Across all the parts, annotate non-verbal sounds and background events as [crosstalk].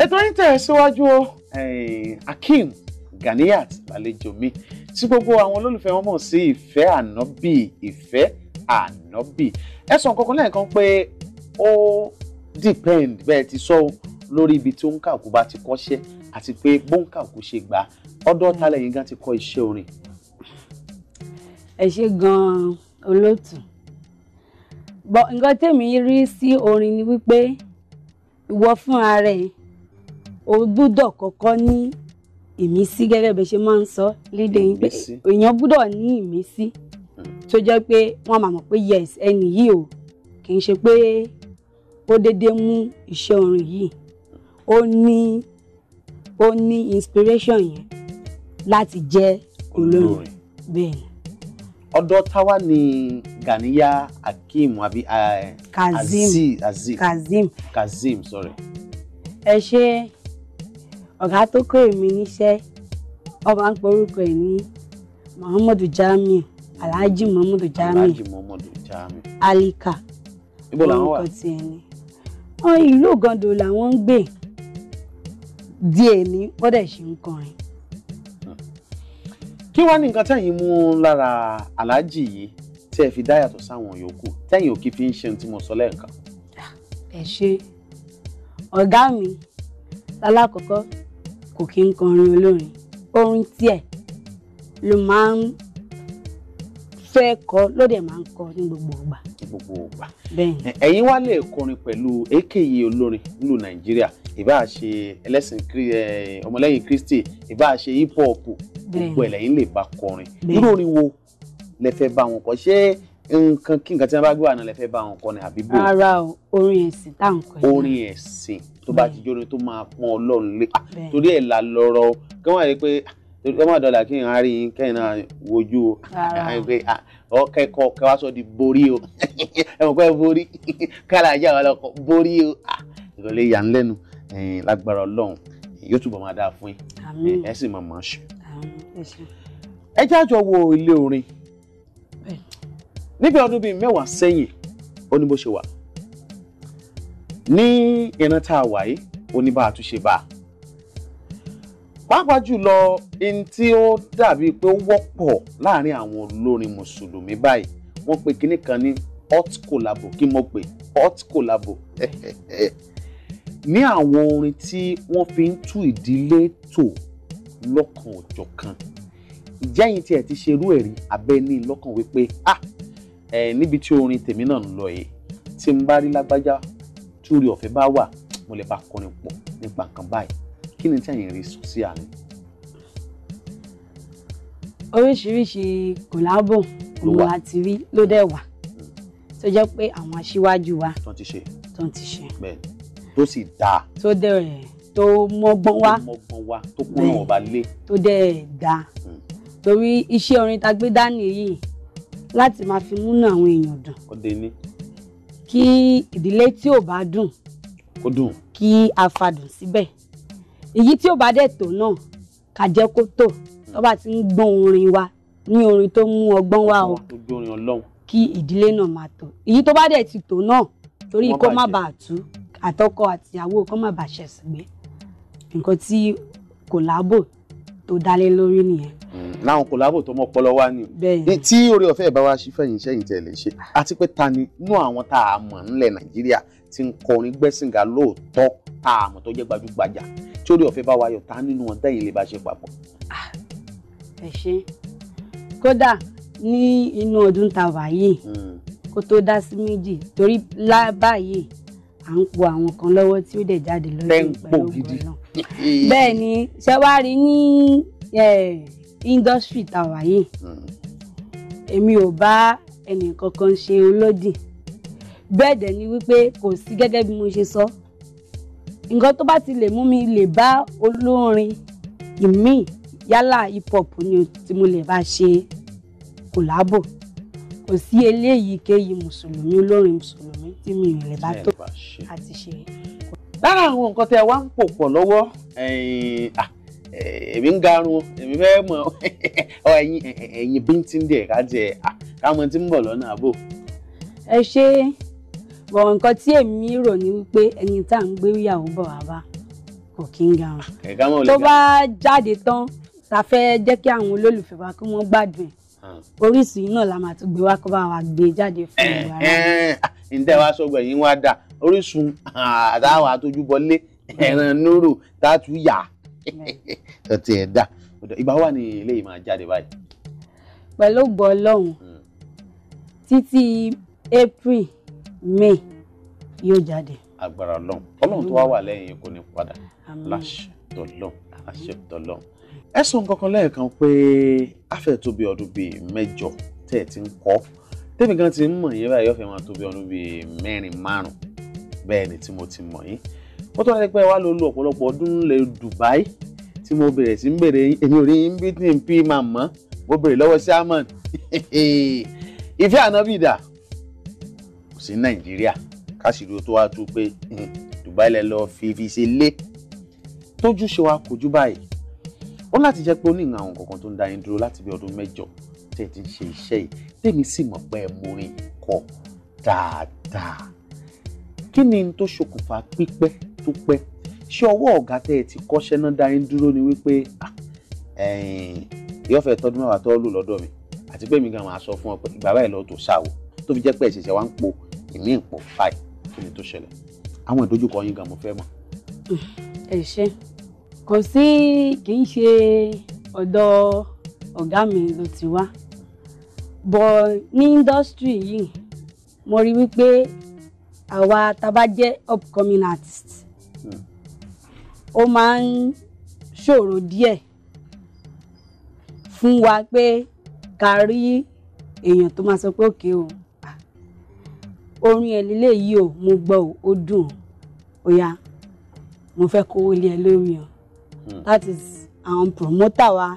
ètò yín tẹ̀síwájú o eh, Akeem Ganiyat lálejò mi tí gbogbo àwọn olólùfẹ́ wọn mọ̀ sí ìfẹ́ ànábì ìfẹ́ ànábì ẹ sọ nǹkan kan lẹ́ẹ̀kan pé ó depend bẹ́ẹ̀ ti sọ lórí ibi tí òǹkàkú bá ti kọ́ṣẹ́ àti pé bóǹkàkú ṣe gbà ọ̀dọ̀ ta lẹ́yìn gan ti kọ́ iṣẹ́ orin. ẹ ṣe gan-an olóòtú nǹkan tèmi rí sí orin ni wípé ìwọ fúnra rẹ̀ o gbúdọ̀ kọ́kọ́ ní ìmísí gẹ́gẹ́ bẹ́ẹ̀ ṣe máa ń sọ lédè yín pé èèyàn gbúdọ̀ ní ìmísí tó jẹ́ pé wọ́n máa mọ̀ pé yes ẹni yìí o kì í ṣe pé ó dédé mú iṣẹ́ orin yìí ó ní ó ní inspiration yẹn láti jẹ́ olórin bẹ́ẹ̀ ni. ọ̀dọ̀ táwa ni Ganiya Akeem àbí eh, Kazim Aziz Kazim Kazim sorry. ẹ ṣe ọ̀gá tó kó èmi níṣẹ́ wọ́n ń porúkọ ẹ̀ ní muhammadu jamiu alhaji muhammadu jamiu alika ibo làwọn wà ni wọ́n ìlú ògàndò làwọn ń gbé díẹ̀ ní wọ́n dẹ̀ ṣe ń kọrin. kí wàá ní nǹkan tẹ̀yìn mú lára alhaji yìí tí ẹ fi dá yàtọ̀ sáwọn yòókù tẹ̀yìn ò fi ń ṣe ohun tí mo sọ lẹ́ẹ̀kan. ẹ ṣe ọ̀gá mi lálákọ̀ọ́kọ́ kò kí ń kọrin olórin orin tiẹ̀ ló máa ń fẹ́ kọ ló dẹ̀ máa ń kọ ní gbogbo ìgbà. gbogbo ìgbà ẹ̀yin wá lè kọrin pẹ̀lú èkéyìí olórin nílùú nàìjíríà ìbá ṣe ẹlẹ́sìn ọmọlẹ́yìn kristi ìbá ṣe hip hop gbogbo ẹ̀ lẹ́yìn lè bá kọrin irú orin wo lẹ fẹ́ bá wọn kọ ṣé nǹkan kí nǹkan tí wọn bá gbé wà náà lè fẹ́ bá wọn kọ ni àbí bò. ara o orin ẹ̀sìn tá à ń kọ yìí. orin ẹ̀sìn tó bá ti jóni tó máa pọn Ọlọ́run lé ah, torí ẹ̀ la lọ́rọ̀ kí wọ́n rí pé ẹ ah, má dọ̀là kí n rí yín kẹ́yìn náà wojú o ah, ọkẹ́kọ̀ọ́ kẹwàá sọ di borí o [laughs] ẹ mọ̀ pé borí kálá ajá wa lọkọ̀ borí o ìrọ̀lẹ́ yà ń lẹ́nu lágbára Ọlọ́run yóò túbọ̀ máa dáa fún yín ẹ sì máa máa ṣe. ẹ jájọ wo ilé orin níbi ọdún bíi mẹ́wàá sẹ́yìn ó ní bó ṣe wà ní ìran tá a wà yìí ó ní bá a tún ṣe bá a pàápàá jùlọ ẹni tí ó dàbí pé ó wọ́pọ̀ láàrin àwọn olórin mùsùlùmí báyìí wọ́n pe kinní kan ní hot collabo kí mo pè hot collabo [laughs] ní àwọn orin tí wọ́n fi ń tú ìdílé tò lọ́kan òjọ̀kan ìjẹ́yìn tí ẹ ti ṣerú ẹ̀rí abẹ́ ní lọ́kàn wípé ah ẹ níbi tí orin tèmi náà ń lọ yìí tí n bá rí lágbájá tí ọ̀fẹ́ bá wà mo lè bá kọrin pọ̀ nípa nǹkan báyìí kí ni tí ẹ̀yin rí sọ sí àná. oríṣiríṣi kòlábò òun la ti rí ló dẹ̀ wà tó jẹ́ pé àwọn aṣíwájú wa tó ti ṣe tó ti ṣe tó sì dáa tó dẹ̀ tó mọ́gbọ́n wá tó mọ́gbọ́n wá tó kúrò ọba lé tó dẹ̀ dáa hmm. torí iṣẹ́ orin tá dání yìí láti máa fi múnú àwọn èèyàn dùn. ó dé ní. kí ìdílé tí ò bá dùn. kó dùn. kí a fàdùn síbẹ̀ èyí tí ò bá dẹ̀ tó náà ká jẹ́ kó tó tó bá ti ń gbọ́n orin wa ní orin tó mú ọgbọ́n wá o kí ìdílé náà máa tó èyí tó bá dẹ̀ ti tó náà torí kó má bàa tú àtọkọ àtìyàwó kó má bàa ṣẹ̀sìn gbé nǹkan tí kò láàbò tó dálé lórí nìyẹn láwọn kòlábò tó mọ ọpọlọ wa ni o tí orí ọ̀fẹ́ ìbá wa ṣífẹ̀yìn sẹ́yìn tẹ̀lé ṣe àti pé ta ni nú àwọn tá a mọ̀ ńlẹ̀ nàìjíríà ti ń kọrin gbẹ́sìngà lóòótọ́ tá a mọ̀ tó jẹ́ gbajúgbajà tí orí ọ̀fẹ́ bá wa yọ ta nínú wọn tẹ̀yìn lè bá ṣe papọ̀. ẹ ṣe kódà ní inú ọdún tá a wà yìí hmm. kó tó dá sí méjì torí báyìí à ń po àwọn kan lọ́wọ́ tí ó dẹ̀ jáde lọ́dún pẹ̀lú ọgbọ́n náà bẹ́ẹ̀ ni ṣẹ́wárí ní industry tá a wà yìí èmi ò bá ẹnì ṣe olódì bẹ́ẹ̀ dẹ̀ ni wípé kò sí gẹ́gẹ́ bí mo ṣe sọ nǹkan tó bá ti lè mú mi lè bá olórin ìmí yálà hip hop ni tí mo lè bá ṣe kòlábò kò sí eléyìí kéyìí mùsùlùmí olórin mùsùlùmí tí mi ò lè bá tó àti ṣe. lára àwọn nǹkan tẹ wá ń pò pọ̀ lọ́wọ́ èmi ń garun èmi fẹ́ mọ̀ [laughs] ọ ẹ̀yin ẹ̀yin bíntín díẹ̀ ká tiẹ̀ káwọn tí ń bọ̀ lọ́nà àbò. ẹ ṣe bọ̀ nǹkan tí èmi rò ní wípé ẹni tá à ń gbé ìyàwó bọ̀ wá bá kò kí ń garun tó bá jáde tán ta fẹ́ jẹ́ kí àwọn olólùfẹ́ wa kí wọ́n gbádùn ẹ̀ orísun náà la máa tún gbé wá kó bá wa gbé jáde fún ìwà rẹ. ǹjẹ́ wàá sọ gbẹ̀yìn wá dà orísun àtàwọn àtojúbọlé ẹ̀ràn nóró tààtú yà ọtí [laughs] ẹ̀ dá ìgbà wà ní ilé yìí máa jáde báyìí. pẹ̀lú ògbọ́ ọlọ́run hmm. títí april may yóò jáde. agbára ọlọ́run ọlọ́run tó wá wà lẹ́yìn kò ní padà láṣẹ tọlọ́run láṣẹ tọlọ́run. ẹ sọ nǹkan kan lẹ́ẹ̀kan pé a fẹ́ tó bí ọdún bíi mẹ́jọ tẹ́ ẹ ti ń kọ́ tẹ́mi kan ti ń mọ̀ yẹn báyìí yóò máa tó ọdún bíi mẹ́rin márùn-ún bẹ́ẹ̀ ni tí mo ti mọ̀ yín mo tọ́ ẹ pé wá ló ọ̀pọ̀lọpọ̀ ọdún lè Dubai tí mo bẹ̀rẹ̀ sí ń bèrè èmi ò rí ń bí ní pí máa mọ̀ mo bèrè lọ́wọ́ Salman [laughs] ìfẹ́ ànábìdà kò sí Nàìjíríà káṣíìrò tó wá tú pé Dubai lẹ lọ fi fi ṣe lé tójú ṣe wa kò jù báyìí ó láti jẹ́ pé ó ní àwọn kankan tó ń da yín dúró láti bí ọdún mẹ́jọ tẹ̀ ti ṣe iṣẹ́ yìí tèmi sì mọ̀ pé ẹ mórin kọ dáadáa kí ni tó ṣokùnfà pípẹ́ tó pẹ́ ṣé ọwọ́ ọ̀gá tẹ́ ẹ ti kọ́ṣẹ́ náà dá yín dúró ni wípé ìyọ́fẹ́ tọdún mẹ́wàá tó lò lọ́dọ̀ mi àti pé mi gan máa sọ fún ọ pé ìgbà báyìí lọ́ọ́ tó ṣàwò tó fi jẹ́ pé ìṣẹ̀ṣẹ̀ wa ń po ìmí ìpò fáì kí ni tó ṣẹlẹ̀ àwọn ìdojúkọ yín gan mo fẹ́ mọ̀. ẹ ṣe kò sí kì í ṣe ọ̀dọ̀ ọ̀gá mi ló ti wá bọ̀ ní indọ́sítírì yìí mo rí wípé àwa taba jẹ́ upcoming artist ó máa ń ṣòro díẹ̀ fún wa pé ká rí èèyàn tó máa sọ pé òkè o orin ẹ̀ lílẹ̀ yìí o mo gbọ́ o ó dùn ó yá mo fẹ́ kówó lé ẹ lórí o hmm. that is àwọn promoter wa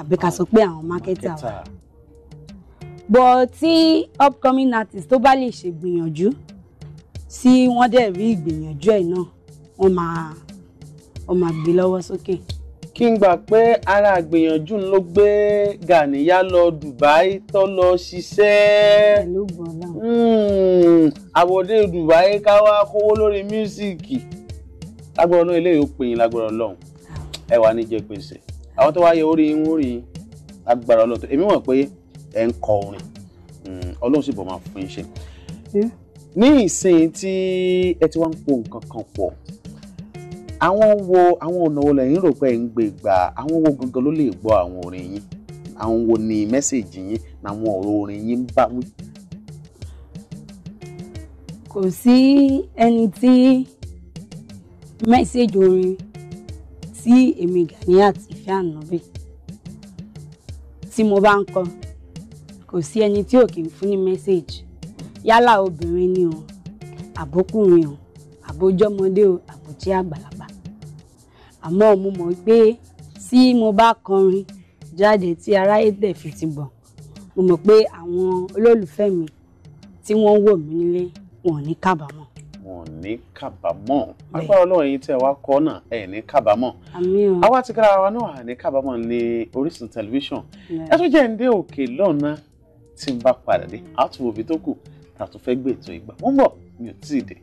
àbí ká sọ pé àwọn marketer wa bọ̀ tí upcoming artist tó bá lè ṣègbìyànjú. Mm tí wọ́n dẹ̀ rí ìgbìyànjú ẹ̀ náà wọ́n máa wọ́n máa gbé lọ́wọ́ sókè. kí n gbà pé ara àgbìyànjú ló gbé Gàníyá lọ Dubai tó lọ ṣiṣẹ́ hmm, àwọ̀dé Dubai ká wá kówó lórí mísíkì lágbára náà eléyìí ó pè yín lágbára Ọlọ́run ẹ wà ní jẹ pèsè àwọn tó wá yẹ orí yín orí lágbára Ọlọ́run èmi mọ̀ pé ẹ̀ ń kọ orin hmm, Ọlọ́run sì bọ̀ máa fún yín ní ìsìn tí ẹ ti wá ń po nǹkan kan pọ̀ àwọn wo àwọn ọ̀nà wo lẹ́yìn rò pé ẹ̀ ń gbé gbà àwọn wo gangan ló lè gbọ́ àwọn orin yín àwọn wo ni mẹ́sẹ̀gì yín làwọn ọ̀rọ̀ orin yín ń bá wí. kò sí ẹni tí mẹ́sẹ̀gì orin tí èmi Gàníyàt Ìfẹ́ Ànọ́bì tí mo bá ń kọ kò sí ẹni tí ò kì í fún ní mẹ́sẹ̀gì yálà obìnrin ni o àbókùnrin o àbójọmọdé o àbójẹ àgbàlagbà àmọ́ mo mọ̀ pé tí mo bá kọrin jáde tí aráyé tẹ̀ fi ti bọ̀ mo mọ̀ pé àwọn olólùfẹ́ mi tí wọ́n wò mí nílé wọn ò ní kábàámọ̀. wọn ò ní kábàámọ̀ agbára ọlọ́run yìí tẹ̀ wá kọ́ náà ẹ̀ ní kábàámọ̀ àwa ti kára wa náà ní kábàámọ̀ ní Orísun tẹlifíṣàn ẹ tún jẹ́ ǹdẹ́ òkè lọ́nà tí n bá padà dé àtúwòbí tó kù tàtún fẹ́ gbé ètò ìgbà wọ́n bọ̀ mi ò tíì dé.